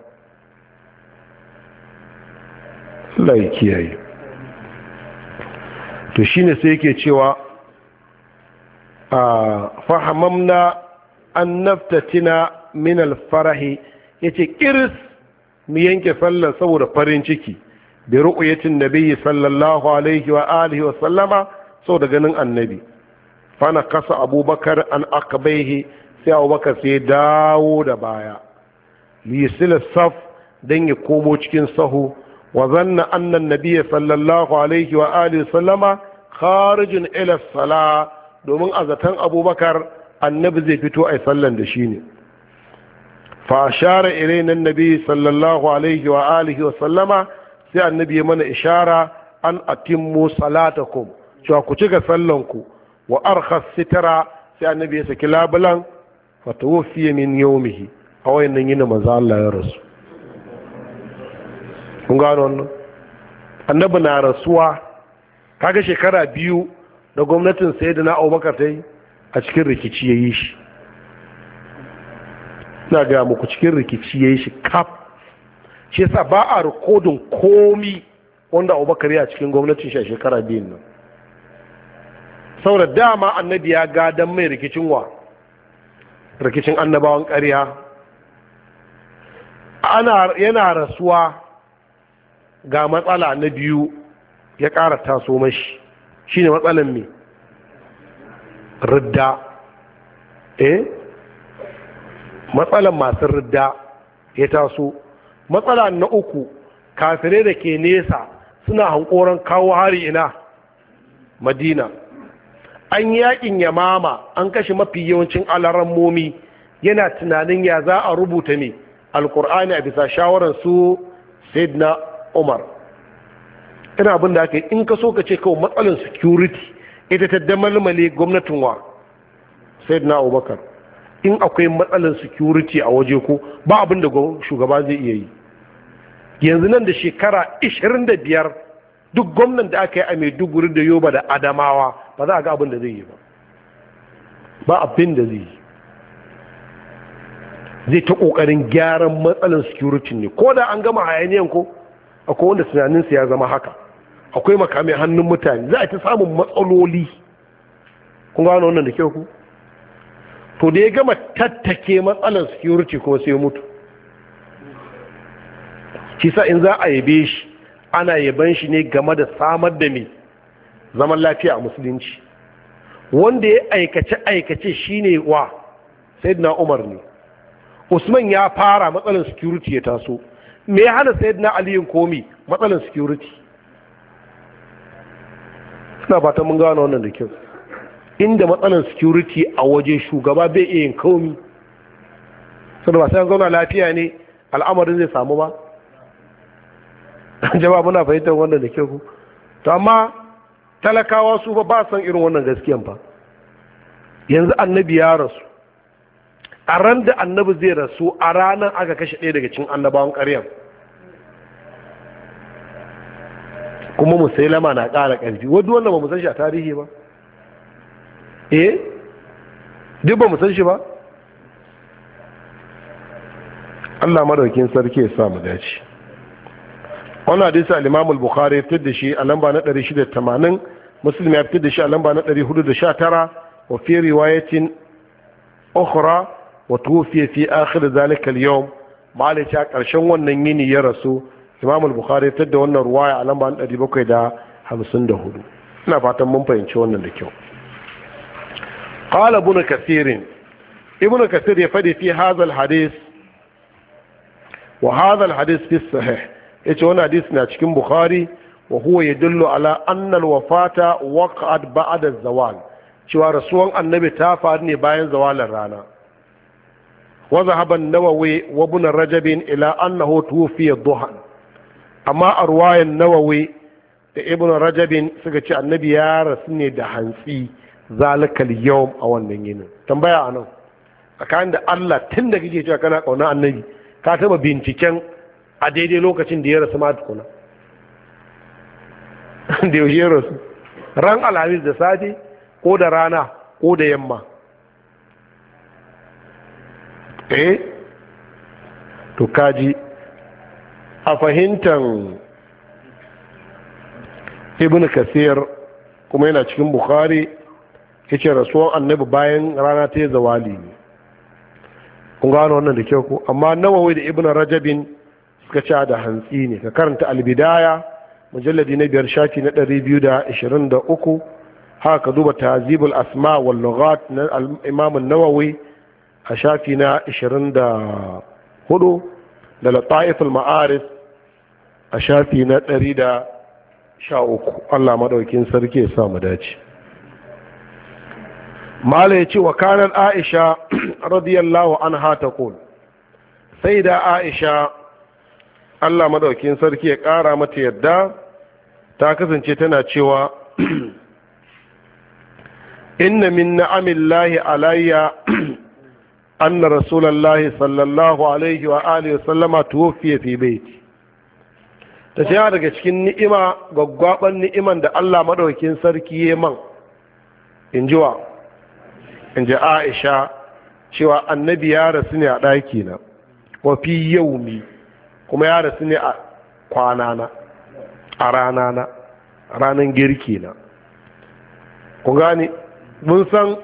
A: Allah ya kiyaye to shine sai yake cewa a ah, na an naftatina min alfarahi ya ce mu yanke sallar saboda farin ciki bi ru'uyatin nabiyyi sallallahu alaihi wa alihi wa sallama saboda ganin annabi fana kasa abubakar an akbaihi sai abubakar sai dawo da baya liyisila saf don ya komo cikin sahu wa zanna annan nabiyyi sallallahu alaihi wa alihi wa sallama kharijin ila sala domin a zaton abubakar annabi zai fito ai sallan da shi ne fa shara النبي صلى sallallahu alaihi wa وسلم wa sallama sai annabi ya mana ishara an atimmu salatakum cewa ku cika sallanku wa arkhas sitara sai يومه ya saki labulan fa tuwfiya min yawmihi ya rasu annabi na rasuwa kaga shekara biyu da gwamnatin sayyidina Abubakar ta yi a cikin rikici ya yi shi na gaya muku cikin rikici ya yi shi kaf shi yasa ba a rikodin komi wanda abubakar ya cikin gwamnatin shi a shekara biyun nan saboda dama annabi ya gadon mai rikicin wa rikicin annabawan ƙarya yana rasuwa ga matsala na biyu ya kara taso mashi shine matsalan mai ridda eh matsalan masu ridda ya taso matsala na uku kafirai da ke nesa suna hankoron kawo hari ina madina an yakin yamama an kashe mafi yawancin momi yana tunanin ya za a rubuta mai alkur'ani a bisa shawarar su na umar ina abin da aka yi in ka so ka ce kawai matsalin security ita ta damalmale gwamnatin wa na abubakar in akwai matsalar security a waje ko ba abin da shugaba zai iya yi yanzu nan da shekara 25 duk gwamnan da aka yi a maiduguri da yoba da adamawa ba za a ga abin da zai yi ba ba abin da zai yi zai ta kokarin gyaran matsalar security ne ko da an gama hayaniyan ko akwai wanda tunaninsa ya zama haka akwai makamai hannun mutane za a ta samun matsaloli kun gano wannan da kyau ku to da ya gama tattake matsalar security ko sai mutu kisa in za a yabe shi ana yaban shi ne game da samar da mai zaman lafiya a musulunci wanda ya aikace-aikace shine wa sayyidina umar ne usman ya fara matsalar security ya taso me ya hana sayyidina ko komi matsalar security suna fatan mun gano wannan da kyau inda matsalar security a waje shugaba bai iya yin kaumi sun ba sai zauna lafiya ne al'amarin zai samu ba jama'a muna fahimtar wannan da ke ku to amma talakawa su ba san irin wannan gaskiya ba yanzu annabi ya rasu a ran da annabi zai rasu a ranar aka kashe ɗaya daga cin annabawan ƙaryar kuma musailama na ƙara ƙarfi wadda wanda ba mu shi a tarihi ba eh duk ba mu san shi ba Allah madaukin sarki ya sa mu dace wannan hadisi al-Imam al-Bukhari ya fitar da shi a lamba na 680 Muslim ya fitar da shi a lamba na 419 wa fi riwayatin ukhra wa tufiya fi akhir zalika al-yawm malai ta karshen wannan yini ya rasu Imam al-Bukhari ya fitar da wannan ruwaya a lamba na 754 ina fatan mun fahimci wannan da kyau qala ibn kathir ibn kathir ya fadi fi hadha al wa hadha al yace wannan hadith na cikin bukhari wa huwa yadullu wafata waqa'at cewa rasuwan annabi ta faru ne bayan zawalin rana wa nawawi wa ibn rajab ila annahu tufiya duhan amma a nawawi da ibn rajabin suka ce annabi ya rasu ne da hantsi zalikal yawm a wannan yinin tambaya anan kayan da Allah tun da kake cewa kana kauna annabi ka taba binciken a daidai lokacin da ya rasu ma kuna da yaushe ya rasu ran alhamis da safe ko da rana ko da yamma eh to kaji a fahimtar ibn kasir kuma yana cikin bukhari ya ce rasuwan annabi bayan rana ta yi zawali ne kun gano wannan da kyau ku. amma wai da ibn rajabin suka ci da hantsi ne ka karanta albidaya mujalladi na biyar shafi na ɗari biyu da ashirin da uku haka ka duba tazibul asma wal lughat na imamun nawawi a shafi na ashirin da hudu da lata'iful Ma'aris a shafi na ɗari da sha uku allah maɗaukin sarki ya sa mu dace mala ya ce wa kanan aisha radiyallahu an hata kun sai da aisha allah madaukin sarki ya ƙara mata yadda ta kasance tana cewa inna min na'amillahi alayya anna rasulallahi sallallahu alaihi wa alihi sallama tuwfiya fi baiti ta ce daga cikin ni'ima gwaggwaban ni'iman da Allah madaukakin sarki ya man injiwa in ji aisha cewa annabi ya rasu ne a ɗaki na wafi ne kuma ya rasu ne a kwanana a ranana ranar girki na ku gane mun san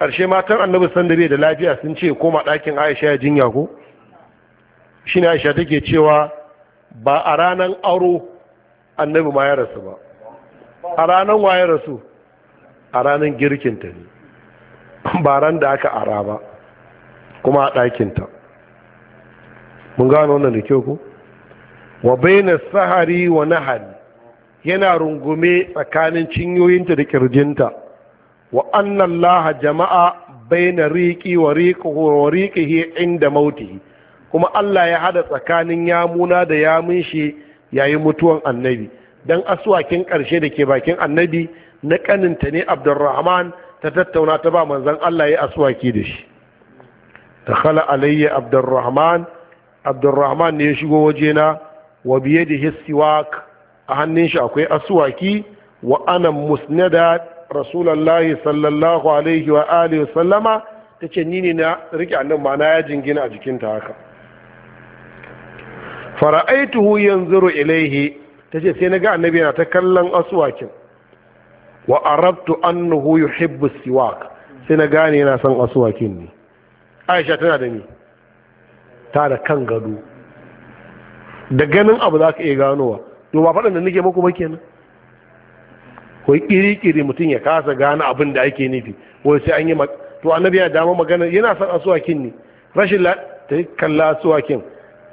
A: ƙarshe matan annabi sandare bai da lafiya sun ce koma ɗakin aisha ya jinya ko shi ne aisha take cewa ba a ranar aro annabi ma ya rasu ba a ranar wa ya rasu a ranar ta ne baran da aka ara ba kuma a ɗakinta mun gano wannan da kyau ku wa baina sahari wa nahal yana rungume tsakanin cinyoyinta da kirjinta wa allaha jama'a baina riqi wa riqihi wa riqihi inda mautihi kuma Allah ya hada tsakanin yamuna da yamunshi shi yayin mutuwan annabi dan aswakin karshe da ke bakin annabi na kaninta ne Abdurrahman ta tattauna ta ba manzan Allah ya aswaki da shi ta khala alayya abdurrahman abdurrahman ne ya shigo wajena wa biye da hissiwak a hannun shi akwai aswaki wa ana musnada rasulallahi sallallahu alaihi wa alihi sallama ta ce ni ne na rike annan ma na ya jingina a jikinta haka fara'aituhu yanzuru ilaihi ta ce sai na ga annabi yana ta kallon aswakin wa arabtu annahu yuhibbu siwak sai na gane yana son asuwakin ne aisha tana da ni ta da kan gado da ganin abu za ka iya ganowa to ba faɗin da nake muku ba kenan ko kiri-kiri mutum ya kasa gane abin da ake nufi wai sai an yi to annabi ya dama magana yana son asuwakin ne rashin la ta kalla asuwakin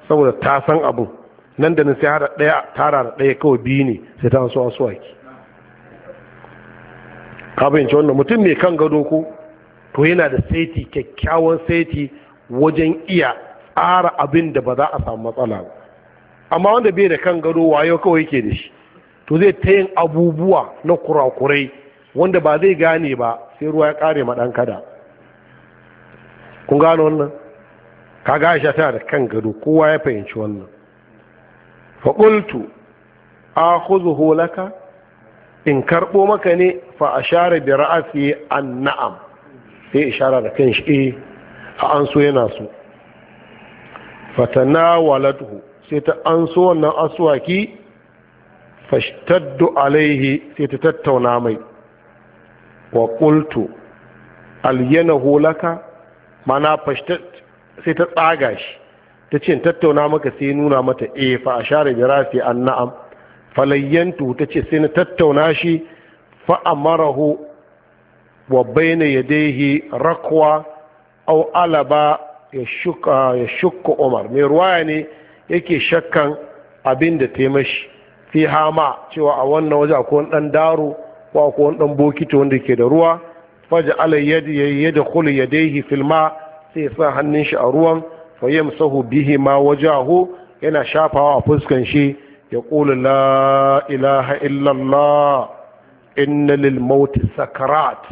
A: saboda ta san abin nan da nan sai har da ɗaya tara da ɗaya kawai biyu ne sai ta so asuwaki ka bayyance wannan mutum ne kan gado ko to yana da saiti kyakkyawan saiti wajen iya tsara abin da ba za a samu matsala ba amma wanda bai da kan gado wayo kawai yake da shi to zai ta yin abubuwa na kurakurai wanda ba zai gane ba sai ruwa ya kare ma dan kada kun gano wannan Ka ga Aisha tana da kan gado kowa ya fahimci wannan faƙultu a kuzu in karɓo maka ne fa a share da ra'asi an na'am sai ishara da kan shi eh, a an so yana so fatana walatu sai ta an so wannan aswaki fashtaddu alaihi sai ta tattauna mai wa qultu alyanahu laka mana fashtad sai ta tsaga shi ta ce tattauna maka sai nuna mata eh fa share bi rasi an na'am falayyantu ta ce sai na tattauna shi fa'amarahu wa bayna yadayhi rakwa au alaba ya shuka umar mai ruwaya ne yake shakkan abin da ta fi hama cewa a wannan waje akwai wani dan daro ko akwai wani dan bokiti wanda ke da ruwa faja ala yi da khul ya ya filma sai ya sa hannun shi a ruwan fa sahu bihi ma wajahu yana shafawa a fuskan shi يقول لا إله إلا الله إن للموت سكرات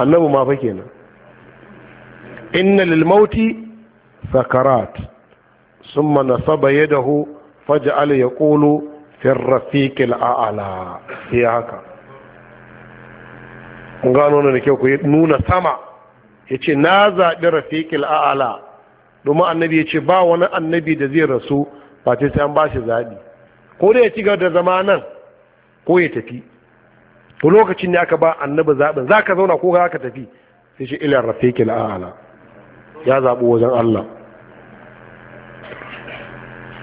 A: النبو ما بكينا إن للموت سكرات ثم نصب يده فجعل يقول في الرفيق الأعلى هي هكا gano ne da kyau ku nuna sama ya ce na zaɓi rafiƙil a'ala domin annabi ya ce ba wani annabi da zai rasu face sai an ba shi zaɓi ko da ya ci gaba da zama nan ko ya tafi to lokacin ne aka ba annabi zaɓin za ka zauna ko za ka tafi sai shi ila rafiqil la'a'la ya zaɓi wajen Allah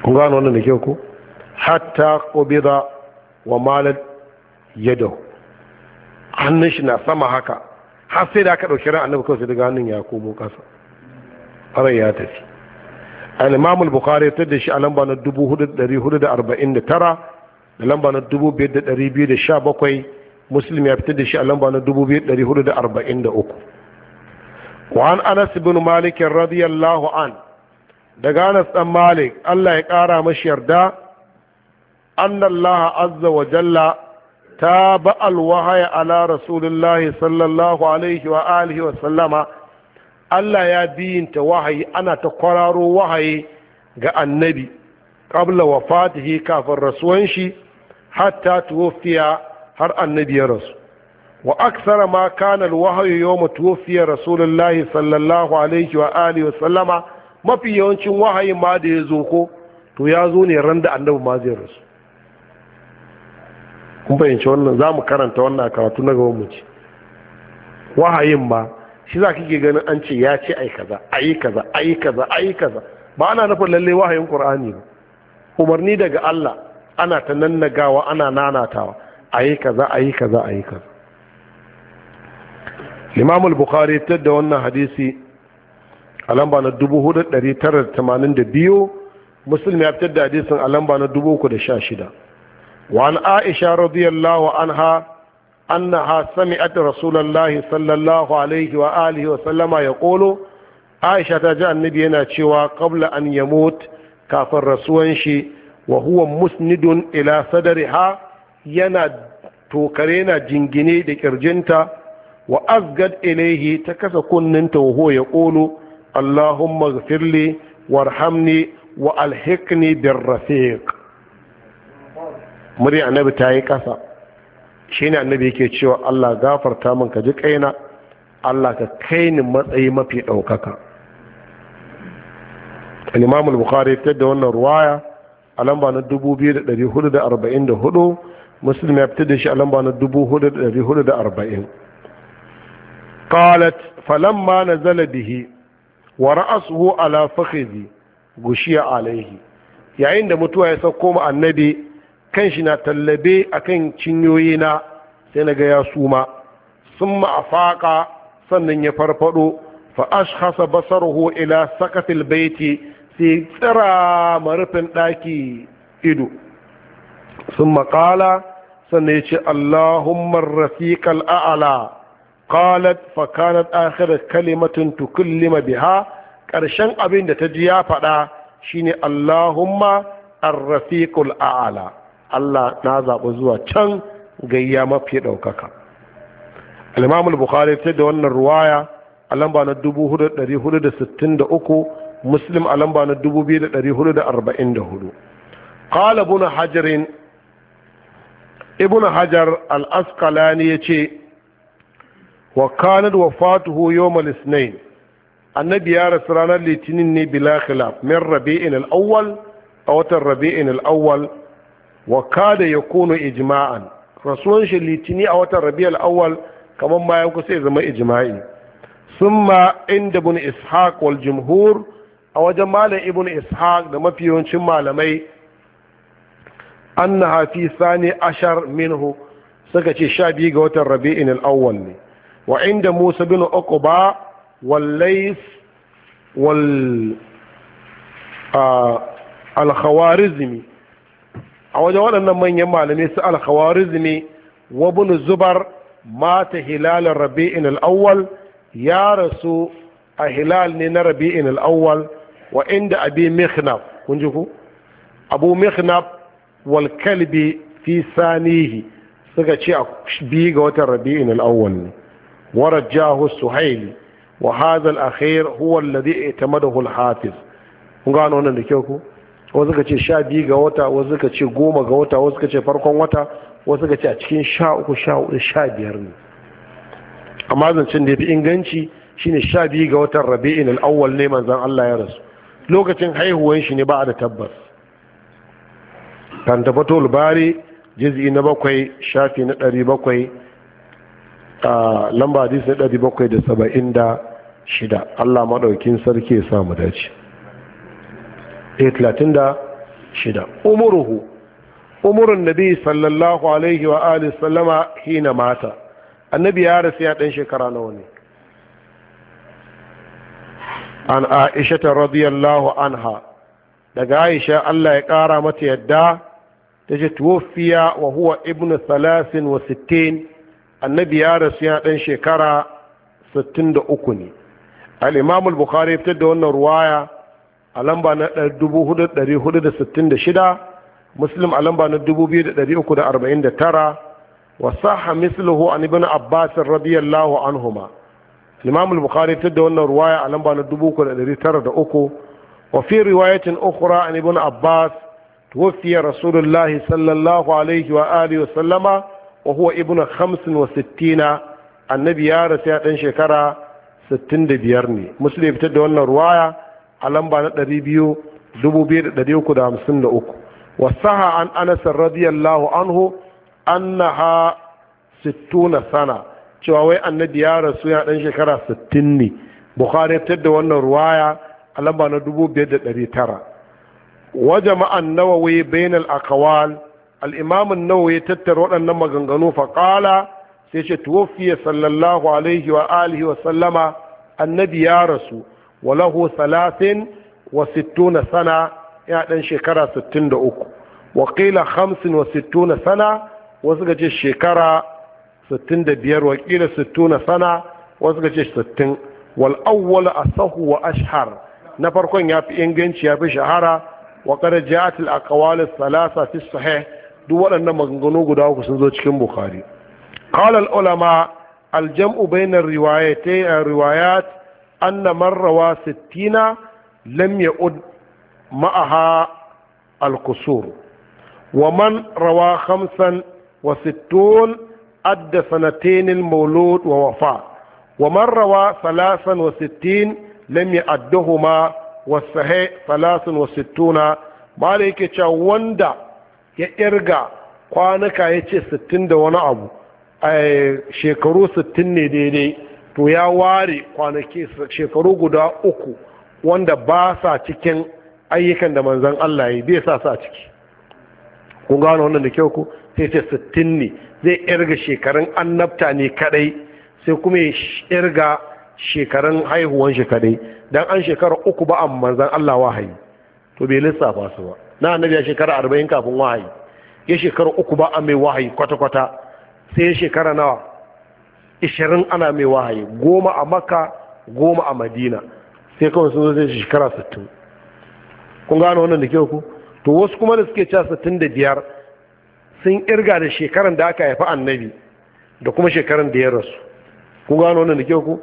A: kun gano wannan da kyau ko hatta qubida wa malat yadahu hannun shi na sama haka har sai da aka ɗauki ran annabi kawai sai daga hannun ya komo ƙasa farai ya tafi al-imam al-bukhari ta da shi a lamba na 449 da lamba na 2217 muslim ya fitar da shi a lamba na 2443 wa an anas ibn malik radiyallahu an daga anas dan malik Allah ya kara mashi yarda Allah azza wa jalla al wahaya ala رسول sallallahu alaihi wa alihi wa sallama Allah ya biyinta wahayi ana ta kwararo wahayi ga annabi qabla fatihi kafin rasuwan shi hatta tuwafiya har annabi ya rasu wa aksara ma wahayi yau ma tuwafiya rasulullahi sallallahu alaihi wa alihi wa sallama mafi yawancin wahayi ma da ya zo ko to ya zo ne ran da annabi ma zai rasu kun fahimci wannan za mu karanta wannan karatu na gaban mu ce wahayin ma shi za kike ganin an ce ya ce ai kaza ai kaza ai kaza ai kaza ba ana nufin lalle wahayin qur'ani ba umarni daga Allah ana ta nannagawa ana nanatawa ayi kaza ayi kaza ayi kaza Imam al-Bukhari ya da wannan hadisi a lamba na 4982 Muslim ya fitar da hadisin a lamba na 316 wa an Aisha radiyallahu anha annaha sami'at rasulullahi sallallahu alaihi wa alihi wa sallama ya kolo aisha ta ji annabi yana cewa qabla an yamut kafin rasuwan shi wa huwa musnidun ila sadariha yana tokare na jingine da ƙirjinta, wa azgad ilaihi ta kasa kunnenta wa ya kolo allahumma gfirli warhamni wa alhikni da rafik. murya annabi ta yi kasa shi ne annabi yake cewa Allah gafarta min ka ji kaina Allah ka kai ni matsayi mafi ɗaukaka al-imam al-bukhari fitar da wannan ruwaya a lamba na 2444 muslim ya fitar da shi a lamba na 4440 qalat falamma nazala bihi wa ra'asuhu ala fakhidhi gushiya alaihi yayin da mutuwa ya sauko ma annabi kan shi na tallabe a kan cinyoyi na sai na ga ya suma sun ma'afaƙa sannan ya farfado fa'ash hasa basarhu ila sakatil baiti sai tsira marufin ɗaki ido sun maƙala sannan ya ce allahumman rafiƙal a'ala qalat fa kanat akhir kalimatin tukallima biha ƙarshen abin da ta ji ya faɗa shine allahumma ar-rafiqul a'ala Allah na zaɓi zuwa can gayya mafi ɗaukaka Al’imamul imamul bukhari ce da wannan ruwaya a lamba na 463, muslim a lamba na 2444 qala ibn hajar ibn hajar al ya ce wa kanar wafatuhu fatuhu yau ithnain annabi ya rasu ranar litinin ne bila khilaf min rabi'in al'awwal a watan rabi'in al'awwal wa kada ya kono ijima'an rasuwan shi litini a watan rabiyar awal kamar bayan kusa ya zama sun ma inda bin ishaq wal jumhur a wajen malam ibn ishaq da mafi yawancin malamai annaha Hafi, sani ashar minhu suka ce sha biyu ga watan rabi'in al ne wa inda musa bin uqba wal lays wal ah, al a wajen waɗannan manyan malamai su al-khawarizmi wa ibn zubar mata hilalin rabi'in al-awwal ya rasu a hilal ne na rabi'in al-awwal wa inda abi mihnaf kun ji ku abu mihnaf wal kalbi fi sanihi suka ce a bi ga watan rabi'in al-awwal ne warajahu suhaili wa hadha al-akhir huwa alladhi itamadahu al-hafiz kun gano wannan da kyau ku wasu ka ce sha biyu ga wata wasu ka ce goma ga wata wasu ka ce farkon wata wasu ka ce a cikin sha uku sha hudu sha biyar ne amma zancen da ya fi inganci shine sha biyu ga watan rabi'in al'awwal ne manzan Allah ya rasu lokacin haihuwan shi ne ba a da tabbas kan tafato Lubari, jiz'i na bakwai shafi na ɗari bakwai a lamba hadis na ɗari bakwai da saba'in da shida Allah maɗaukin sarki ya samu dace 136 eh, umuruhu umurun nabi sallallahu alaihi wa alihi sallama hina mata annabi ya rasu ya dan shekara nawa ne an aisha radiyallahu anha daga aisha Allah ya kara mata yadda ta ce tuwafiya wa huwa ibnu 63 annabi ya rasu ya dan shekara 63 al-imam al-bukhari ya fitar da wannan ruwaya a lamba na 4466 muslim a lamba na 2349 wa saha misluhu an ibn abbas radiyallahu anhuma imam al-bukhari da wannan ruwaya a lamba na 3903 wa fi riwayatin ukhra an ibn abbas توفي wa الله صلى الله wa وآله وسلم وهو ابن خمس وستين النبي يا رسول شكرا ستين دبيرني fitar da wannan ruwaya a lamba na 2353 wasaha an anasar radiyallahu anhu annaha 60 sana cewa wai annabi ya rasu ya dan shekara 60 ne bukhari ya fitar da wannan ruwaya a lamba na tara. wa jama'an nawawi bainal akawal al-imam an-nawawi ya tattara waɗannan maganganu fa qala sai ce tuwafiya sallallahu alaihi wa alihi wa sallama annabi ya rasu walahu salatin wa sittuna sana ya ɗan shekara sittin da uku wakila hamsin wa sittuna sana wasu ga ce shekara sittin da biyar wakila sittuna sana wasu ga ce sittin wal asahu wa ashhar na farkon ya fi inganci ya fi shahara wa kada ja'at al aqwal duk waɗannan maganganu guda uku sun zo cikin bukhari qala ulama al jam'u bayna riwayatay anna marrawa sittina lam ya'ud ma'aha al-kusur wa man rawa khamsan wa sittun adda sanatayn al-mawlud wa man rawa salasan wa sittin lam ya'adduhuma wa sahih salasan wa sittuna ba da yake cewa wanda ya kirga kwanuka ya ce sittin da wani abu shekaru sittin ne daidai to ya ware kwanaki shekaru guda uku wanda ba sa cikin ayyukan da manzan Allah yi bai sa sa ciki kun gano wannan da kyau ku sai ce sittin ne zai irga shekarun annabta ne kadai sai kuma ya irga shekarun haihuwan shi kadai dan an shekara uku ba a manzan Allah wahayi to bai lissafa su ba na annabi ya shekara arba'in kafin wahayi ya shekara uku ba a mai wahayi kwata-kwata sai shekara nawa ishirin ana mai wahayi goma a makka goma a madina sai kawai sun zo zai shekara sittin kun gano wannan da kyau ku to wasu kuma da suke cewa sittin da biyar sun irga da shekaran da aka haifi annabi da kuma shekaran da ya rasu kun gano wannan da kyau ku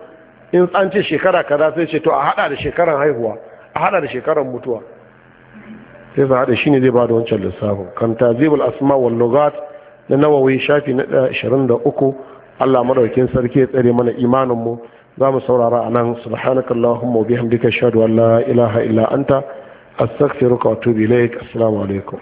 A: in an ce shekara kaza sai ce to a hada da shekaran haihuwa a hada da shekaran mutuwa sai za hada shine zai ba da wancan lissafin kan tazibul asma wal lugat na nawawi shafi na 23 Allah madaukin sarki ya tsare mana imanin mu za mu saurara a nan subhanakallahumma wa bihamdika ashhadu an la ilaha illa anta astaghfiruka wa atubu ilaik assalamu alaikum